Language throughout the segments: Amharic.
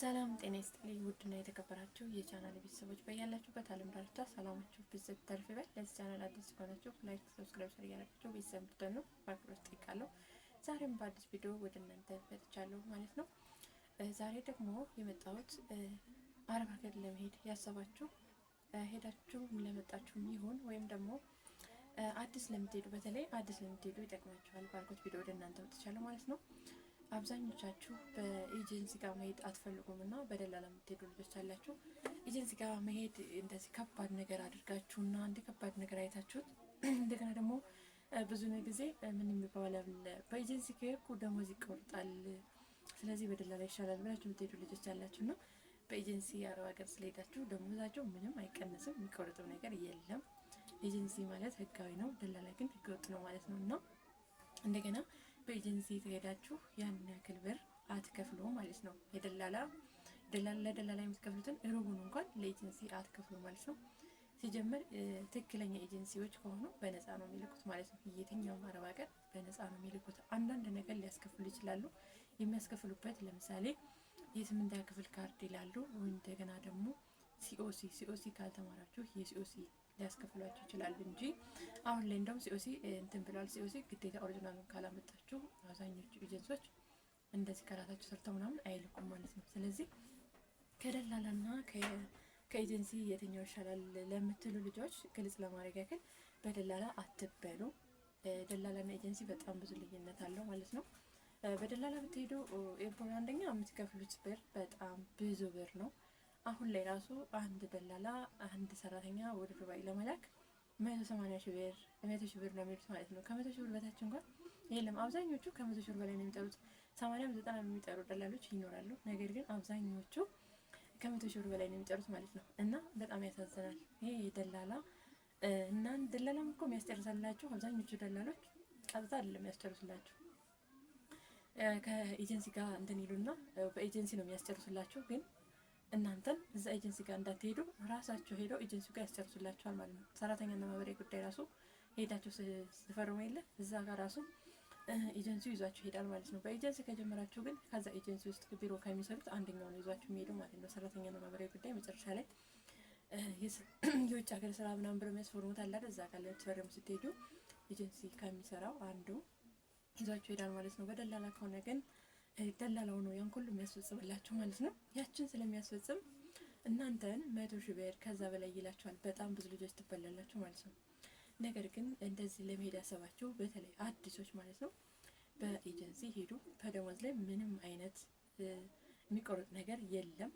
ሰላም ጤና ይስጥልኝ። ውድና የተከበራችሁ የቻናል ቤተሰቦች በያላችሁበት ዓለም ዳርቻ ሰላማችሁ ብዝት ተርፍ ይበል። ለዚህ ቻናል አዲስ ከሆናችሁ ላይክ፣ ሰብስክራይብ ስር እያደረጋችሁ ቤተሰብ እንድትሆኑ በአክብሮት እጠይቃለሁ። ዛሬም በአዲስ ቪዲዮ ወደ እናንተ መጥቻለሁ ማለት ነው። ዛሬ ደግሞ የመጣሁት አረብ ሀገር ለመሄድ ያሰባችሁ ሄዳችሁ ለመጣችሁ ይሁን ወይም ደግሞ አዲስ ለምትሄዱ በተለይ አዲስ ለምትሄዱ ይጠቅማችኋል ባልኩት ቪዲዮ ወደ እናንተ መጥቻለሁ ማለት ነው። አብዛኞቻችሁ በኤጀንሲ ጋር መሄድ አትፈልጉም እና በደላላ የምትሄዱ ልጆች አላችሁ። ኤጀንሲ ጋር መሄድ እንደዚህ ከባድ ነገር አድርጋችሁ እና እንደ ከባድ ነገር አይታችሁት እንደገና ደግሞ ብዙ ጊዜ ምን የሚባለው በኤጀንሲ ከሄድኩ ደሞዝ ይቆርጣል፣ ስለዚህ በደላላ ይሻላል ብላችሁ የምትሄዱ ልጆች አላችሁ እና በኤጀንሲ አረብ ሀገር ስለሄዳችሁ ደሞዛችሁ ምንም አይቀንስም፣ የሚቆርጠው ነገር የለም። ኤጀንሲ ማለት ህጋዊ ነው፣ ደላላ ግን ህገወጥ ነው ማለት ነው እና እንደገና በኤጀንሲ ከሄዳችሁ ያን ያክል ብር አትከፍሉ ማለት ነው። የደላላ ደላላ ለደላላ የምትከፍሉትን ሩቡን እንኳን ለኤጀንሲ አትከፍሉ ማለት ነው። ሲጀምር ትክክለኛ ኤጀንሲዎች ከሆኑ በነፃ ነው የሚልኩት ማለት ነው። የትኛውም አረብ ሀገር በነፃ ነው የሚልኩት። አንዳንድ ነገር ሊያስከፍሉ ይችላሉ። የሚያስከፍሉበት ለምሳሌ የስምንት ክፍል ካርድ ይላሉ። እንደገና ደግሞ ሲኦሲ ሲኦሲ ካልተማራችሁ የሲኦሲ ሊያስከፍሏቸው ይችላል እንጂ አሁን ላይ እንደውም ሲኦሲ እንትን ብለዋል። ሲኦሲ ግዴታ ኦሪጂናሉን ካላመጣችሁ አብዛኞቹ ኤጀንሶች እንደዚህ ከራሳቸው ሰርተው ምናምን አይልኩም ማለት ነው። ስለዚህ ከደላላና ከኤጀንሲ የትኛው ይሻላል ለምትሉ ልጆች ግልጽ ለማድረግ ያክል በደላላ አትበሉ። ደላላና ኤጀንሲ በጣም ብዙ ልዩነት አለው ማለት ነው። በደላላ ብትሄዱ ኤርፖርት አንደኛ የምትከፍሉት ብር በጣም ብዙ ብር ነው። አሁን ላይ ራሱ አንድ ደላላ አንድ ሰራተኛ ወደ ዱባይ ለመላክ መቶ ሰማንያ ሺህ ብር መቶ ሺህ ብር ነው የሚሉት ማለት ነው። ከመቶ ሺህ ብር በታች እንኳን የለም። አብዛኞቹ ከመቶ ሺህ ብር በላይ ነው የሚጠሩት። ሰማንያም ዘጠና የሚጠሩ ደላሎች ይኖራሉ። ነገር ግን አብዛኞቹ ከመቶ ሺህ ብር በላይ ነው የሚጠሩት ማለት ነው። እና በጣም ያሳዝናል። ይሄ የደላላ እና ደላላም እኮ የሚያስጨርሳላችሁ አብዛኞቹ ደላሎች ቀጥታ አይደለም የሚያስጨርሱላችሁ ከኤጀንሲ ጋር እንትን ይሉና በኤጀንሲ ነው የሚያስጨርሱላችሁ ግን እናንተም እዛ ኤጀንሲ ጋር እንዳትሄዱ ራሳቸው ሄደው ኤጀንሲ ጋር ያስጨርሱላቸዋል ማለት ነው። ሰራተኛና መበሪያ ጉዳይ ራሱ ሄዳቸው ስፈርሙ የለ እዛ ጋር ራሱ ኤጀንሲው ይዟቸው ይሄዳል ማለት ነው። በኤጀንሲ ከጀመራችሁ ግን ከዛ ኤጀንሲ ውስጥ ቢሮ ከሚሰሩት አንደኛው ነው ይዟቸው የሚሄዱ ማለት ነው። ሰራተኛና መበሪያ ጉዳይ መጨረሻ ላይ የውጭ ሀገር ስራ ምናምን ብለ የሚያስፈርሙት አለ እዛ ጋር ልትፈርሙ ስትሄዱ ኤጀንሲ ከሚሰራው አንዱ ይዟቸው ይሄዳል ማለት ነው። በደላላ ከሆነ ግን ደላላው ነው ያን ሁሉ የሚያስፈጽምላችሁ ማለት ነው። ያችን ስለሚያስፈጽም እናንተን መቶ ሺህ ብር ከዛ በላይ ይላችኋል። በጣም ብዙ ልጆች ትበላላችሁ ማለት ነው። ነገር ግን እንደዚህ ለመሄድ ያሰባችሁ በተለይ አዲሶች ማለት ነው በኤጀንሲ ሄዱ። ከደሞዝ ላይ ምንም አይነት የሚቆርጥ ነገር የለም።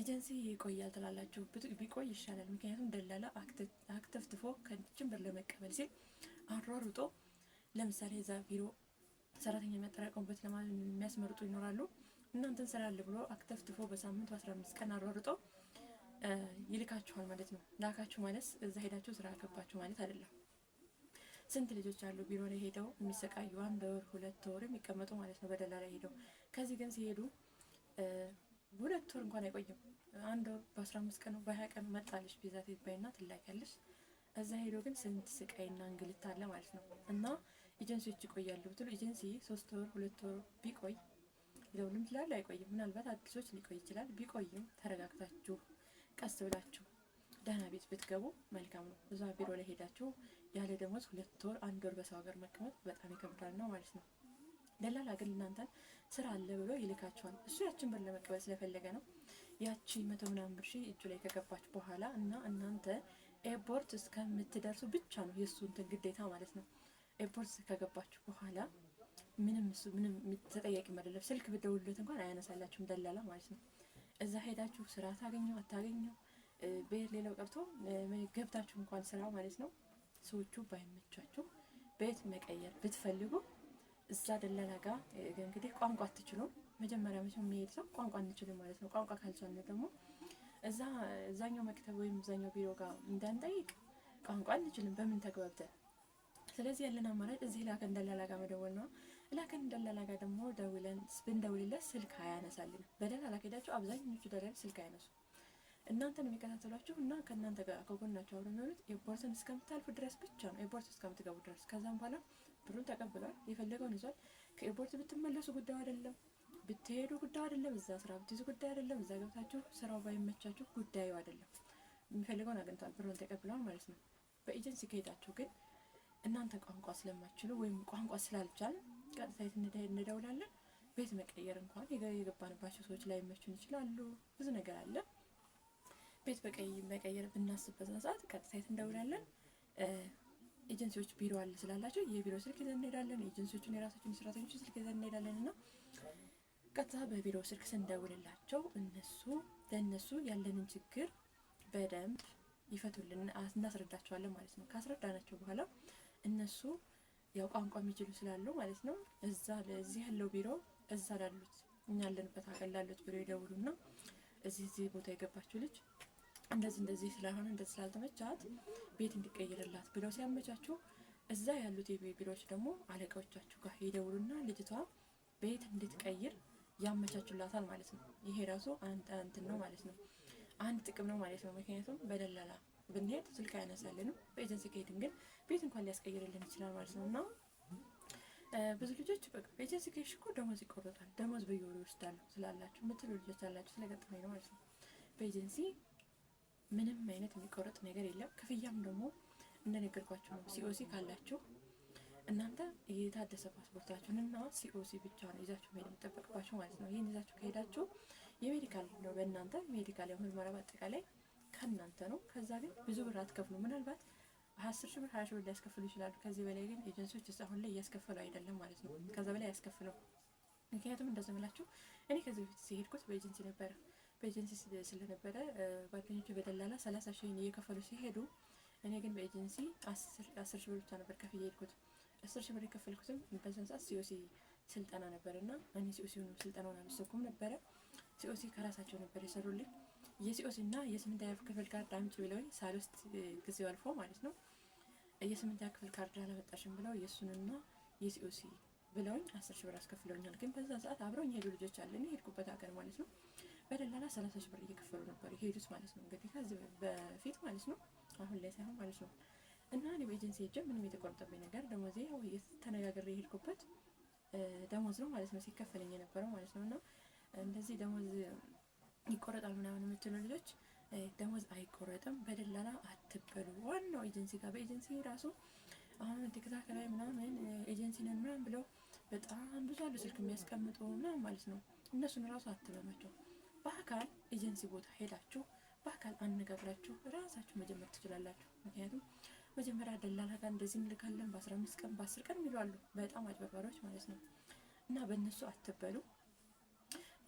ኤጀንሲ ይቆያል ትላላችሁ፣ ቢቆይ ይሻላል። ምክንያቱም ደላላ አክተፍትፎ ከንችን ብር ለመቀበል ሲል አሯሩጦ ለምሳሌ እዛ ቢሮ ሰራተኛ የሚያጠራቀሙበት የሚያስመርጡ ይኖራሉ። እናንተን ስራ ብሎ አክተፍትፎ በሳምንት በ ቀን አሯርጦ ይልካችኋል ማለት ነው። ላካችሁ ማለት እዛ ሄዳችሁ ስራ አገባችሁ ማለት አይደለም። ስንት ልጆች አሉ ቢሮ ላይ ሄደው የሚሰቃዩ አንድ ወር ሁለት ወር የሚቀመጡ ማለት ነው፣ በደላ ላይ ሄደው። ከዚህ ግን ሲሄዱ ሁለት ወር እንኳን አይቆይም። አንድ ወር በ15 ቀኑ በ20 ቀኑ መጣለች ቢዛት ይባይና እዛ ሄዶ ግን ስንት ስቃይና እንግልት አለ ማለት ነው እና ኤጀንሲዎች ይቆያሉ ብትሉ ኤጀንሲ ሶስት ወር ሁለት ወር ቢቆይ ሊሆንም ይችላል አይቆይም። ምናልባት አዲሶች ሊቆይ ይችላል። ቢቆይም ተረጋግታችሁ ቀስ ብላችሁ ደህና ቤት ብትገቡ መልካም ነው። እዛ ቢሮ ላይ ሄዳችሁ ያለ ደሞዝ ሁለት ወር አንድ ወር በሰው ሀገር መቀመጥ በጣም ይከብዳል ነው ማለት ነው። ደላላ ግን እናንተን ስራ አለ ብሎ ይልካቸዋል እሱ ያችን ብር ለመቀበል ስለፈለገ ነው። ያቺ መቶ ምናምን ብር ሺህ እጁ ላይ ከገባች በኋላ እና እናንተ ኤርፖርት እስከምትደርሱ ብቻ ነው የእሱ እንትን ግዴታ ማለት ነው። ኤርፖርት ከገባችሁ በኋላ ምንም እሱ ምንም ተጠያቂ አይደለም። ስልክ ብትደውሉለት እንኳን አያነሳላችሁም ደላላ ማለት ነው። እዛ ሄዳችሁ ስራ ታገኙ አታገኙ፣ ሌላው ቀርቶ ገብታችሁ እንኳን ስራ ማለት ነው ሰዎቹ ባይመቻችሁ ቤት መቀየር ብትፈልጉ እዛ ደላላ ጋር እንግዲህ ቋንቋ አትችሉም። መጀመሪያ መቼም የሚሄድ ሰው ቋንቋ አንችልም ማለት ነው። ቋንቋ ካልቻለ ደግሞ እዛ እዛኛው መክተብ ወይም እዛኛው ቢሮ ጋር እንዳንጠይቅ ቋንቋ አንችልም። በምን ተግባብተን ስለዚህ ያለን አማራጭ እዚህ ላከን ደላላ ጋ መደወል ነው። ላከን ደላላ ደግሞ ደውለን ብንደውልለት ስልክ አያነሳልን። በደላላ ከሄዳችሁ አብዛኞቹ ደላላ ስልክ አያነሱ። እናንተን የሚከታተሏችሁ እና ከእናንተ ጋር ከጎናቸው አብረው የሚሆኑት ኤርፖርትን እስከምታልፉ ድረስ ብቻ ነው። ኤርፖርት እስከምትገቡ ድረስ ከዛም በኋላ ብሩን ተቀብሏል፣ የፈለገውን ይዟል። ከኤርፖርት ብትመለሱ ጉዳዩ አይደለም፣ ብትሄዱ ጉዳዩ አይደለም፣ እዛ ስራ ብትይዙ ጉዳዩ አይደለም፣ እዛ ገብታችሁ ስራው ባይመቻችሁ ጉዳዩ አይደለም። የሚፈልገውን አግኝቷል፣ ብሩን ተቀብሏል ማለት ነው። በኤጀንሲ ከሄዳችሁ ግን እናንተ ቋንቋ ስለማችሉ ወይም ቋንቋ ስላልቻል ቀጥታ የት እንደውላለን። ቤት መቀየር እንኳን የገባንባቸው ሰዎች ላይ መችን ይችላሉ። ብዙ ነገር አለ። ቤት በቀይ መቀየር ብናስብበት ሰዓት ቀጥታ የት እንደውላለን። ኤጀንሲዎች ቢሮ አለ ስላላቸው የቢሮ ስልክ ይዘን እንሄዳለን። ኤጀንሲዎቹን የራሳችን ሰራተኞች ስልክ ይዘን እንሄዳለን እና ቀጥታ በቢሮ ስልክ ስንደውልላቸው እነሱ ለእነሱ ያለንን ችግር በደንብ ይፈቱልን፣ እናስረዳቸዋለን ማለት ነው። ካስረዳናቸው በኋላ እነሱ ያው ቋንቋ የሚችሉ ስላሉ ማለት ነው እዛ ለዚህ ያለው ቢሮ እዛ ላሉት እኛ ያለንበት ሀገር ላሉት ቢሮ ይደውሉና እዚህ እዚህ ቦታ የገባችው ልጅ እንደዚህ እንደዚህ ስላልሆነ እንደዚህ ስላልተመቻት ቤት እንዲቀይርላት ብለው ሲያመቻችሁ እዛ ያሉት የቢሮዎች ደግሞ አለቃዎቻችሁ ጋር ይደውሉና ልጅቷ ቤት እንድትቀይር ያመቻችላታል ማለት ነው። ይሄ ራሱ አንድ እንትን ነው ማለት ነው። አንድ ጥቅም ነው ማለት ነው። ምክንያቱም በደላላ ብንሄድ ስልክ አያነሳልንም። በኤጀንሲ ከሄድን ግን ቤት እንኳን ሊያስቀይርልን ይችላል ማለት ነው እና ብዙ ልጆች በቃ በኤጀንሲ ከሄድሽ እኮ ደሞዝ ይቆረጣል፣ ደሞዝ በየወሩ ይወስዳሉ ስላላችሁ ምትሉ ልጆች አላችሁ። ስለገጠመኝ ነው ማለት ነው። በኤጀንሲ ምንም አይነት የሚቆረጥ ነገር የለም። ክፍያም ደግሞ እንደነገርኳችሁ ነው። ሲኦሲ ካላችሁ እናንተ የታደሰ ፓስፖርታችሁን እና ሲኦሲ ብቻ ነው ይዛችሁ መሄድ የሚጠበቅባችሁ ማለት ነው። ይህን ይዛችሁ ከሄዳችሁ የሜዲካል ነው በእናንተ ሜዲካል የሆነ ምርመራ በአጠቃላይ ከእናንተ ነው። ከዛ ግን ብዙ ብር አትከፍሉ። ምናልባት አስር ሺህ ብር ሀያ ሺህ ብር ሊያስከፍሉ ይችላሉ። ከዚህ በላይ ግን ኤጀንሲዎች እዛ አሁን ላይ እያስከፈሉ አይደለም ማለት ነው። ከዛ በላይ አያስከፍለው። ምክንያቱም እንደዛ ምላችሁ እኔ ከዚህ በፊት ሲሄድኩት በኤጀንሲ ነበረ። በኤጀንሲ ስለነበረ ጓደኞቹ በደላላ ሰላሳ ሺህ እየከፈሉ ሲሄዱ እኔ ግን በኤጀንሲ አስር ሺህ ብር ብቻ ነበር ከፍዬ ሄድኩት። አስር ሺህ ብር የከፈልኩትም በዛን ሰዓት ሲኦሲ ስልጠና ነበር እና እኔ ሲኦሲውን ስልጠናውን አልወሰድኩም ነበረ። ሲኦሲ ከራሳቸው ነበር የሰሩልኝ የሲኦስ እና የስምንተኛ ክፍል ካርድ አምጪ ብለውኝ ሳልወስድ ጊዜው አልፎ ማለት ነው። የስምንተኛ ክፍል ካርድ አላመጣሽም ብለው የእሱንና የሲኦሲ ብለውኝ አስር ሺ ብር አስከፍለውኛል። ግን በዛ ሰዓት አብረው የሄዱ ልጆች አለ እኔ የሄድኩበት ሀገር ማለት ነው። በደላላ ሰላሳ ሺ ብር እየከፈሉ ነበር የሄዱት ማለት ነው። እንግዲህ ከዚህ በፊት ማለት ነው፣ አሁን ላይ ሳይሆን ማለት ነው። እና እኔ በኤጀንሲ ሄጄ ምንም የተቆረጠብኝ ነገር ደሞዜ ያው ተነጋግሬ የሄድኩበት ደሞዝ ነው ማለት ነው፣ ሲከፈለኝ የነበረው ማለት ነው። እና እንደዚህ ደሞዝ ይቆረጣል ምናምን የምትሉ ልጆች ደሞዝ አይቆረጥም፣ በደላላ አትበሉ። ዋናው ኤጀንሲ ጋር በኤጀንሲ ራሱ አሁን ቲክታክ ላይ ምናምን ኤጀንሲ ነን ምናምን ብለው በጣም ብዙ አሉ ስልክ የሚያስቀምጡ ምናምን ማለት ነው። እነሱን ራሱ አትበሏቸው። በአካል ኤጀንሲ ቦታ ሄዳችሁ በአካል አነጋግራችሁ ራሳችሁ መጀመር ትችላላችሁ። ምክንያቱም መጀመሪያ ደላላ ጋር እንደዚህ እንልካለን በአስራ አምስት ቀን በአስር ቀን የሚሉ አሉ፣ በጣም አጭበርባሪዎች ማለት ነው። እና በእነሱ አትበሉ።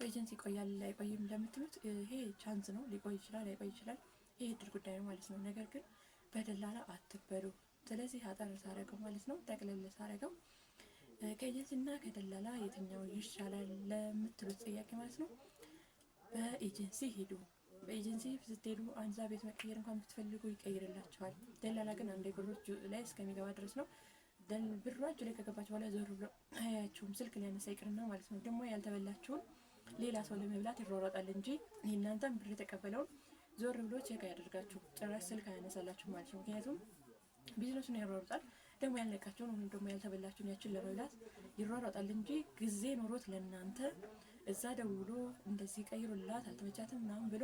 ኤጀንሲ ይቆያል ላይቆይም እንደምትሉት ይሄ ቻንስ ነው። ሊቆይ ይችላል ላይቆይ ይችላል። ይሄ እድል ጉዳይ ነው ማለት ነው። ነገር ግን በደላላ አትበሉ። ስለዚህ አጠር ሳረገው ማለት ነው ጠቅለል ሳረገው ከኤጀንሲ እና ከደላላ የትኛው ይሻላል ለምትሉት ጥያቄ ማለት ነው በኤጀንሲ ሄዱ። በኤጀንሲ ስትሄዱ አንዛ ቤት መቀየር እንኳን ብትፈልጉ ይቀይርላችኋል። ደላላ ግን አንዴ ብሮች ላይ እስከሚገባ ድረስ ነው። ብሯችሁ ላይ ከገባች በኋላ ዞር ብሎ አያችሁም። ስልክ ሊያነሳ ይቅርና ማለት ነው ደግሞ ያልተበላችሁን ሌላ ሰው ለመብላት ይሯሯጣል እንጂ እናንተም ብር የተቀበለውን ዞር ብሎ ቼክ ያደርጋችሁ ጭራሽ ስልክ አያነሳላችሁ ማለት ነው። ምክንያቱም ቢዝነሱን ያሯሩጣል ደግሞ ያልነቃቸውን ወይም ደግሞ ያልተበላቸውን ያችን ለመብላት ይሯሯጣል እንጂ ጊዜ ኖሮት ለእናንተ እዛ ደውሎ እንደዚህ ቀይሩላት አልተመቻትም ምናምን ብሎ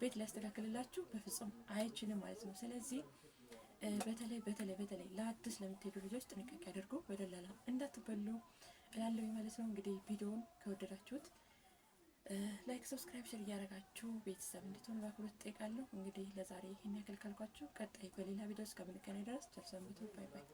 ቤት ሊያስተካክልላችሁ በፍጹም አይችልም ማለት ነው። ስለዚህ በተለይ በተለይ በተለይ ለአዲስ ለምትሄዱ ልጆች ጥንቃቄ አድርጉ፣ በደላላ እንዳትበሉ እላለሁ ማለት ነው። እንግዲህ ቪዲዮውን ከወደዳችሁት ላይክ ሰብስክራይብ ሸር እያደረጋችሁ ቤተሰብ እንድትሆኑ በአክብሮት እጠይቃለሁ። እንግዲህ ለዛሬ ይህን ያክል ካልኳችሁ ቀጣይ በሌላ ቪዲዮ እስከምንገናኝ ድረስ ቸር ሰንብቱ። ባይ ባይ።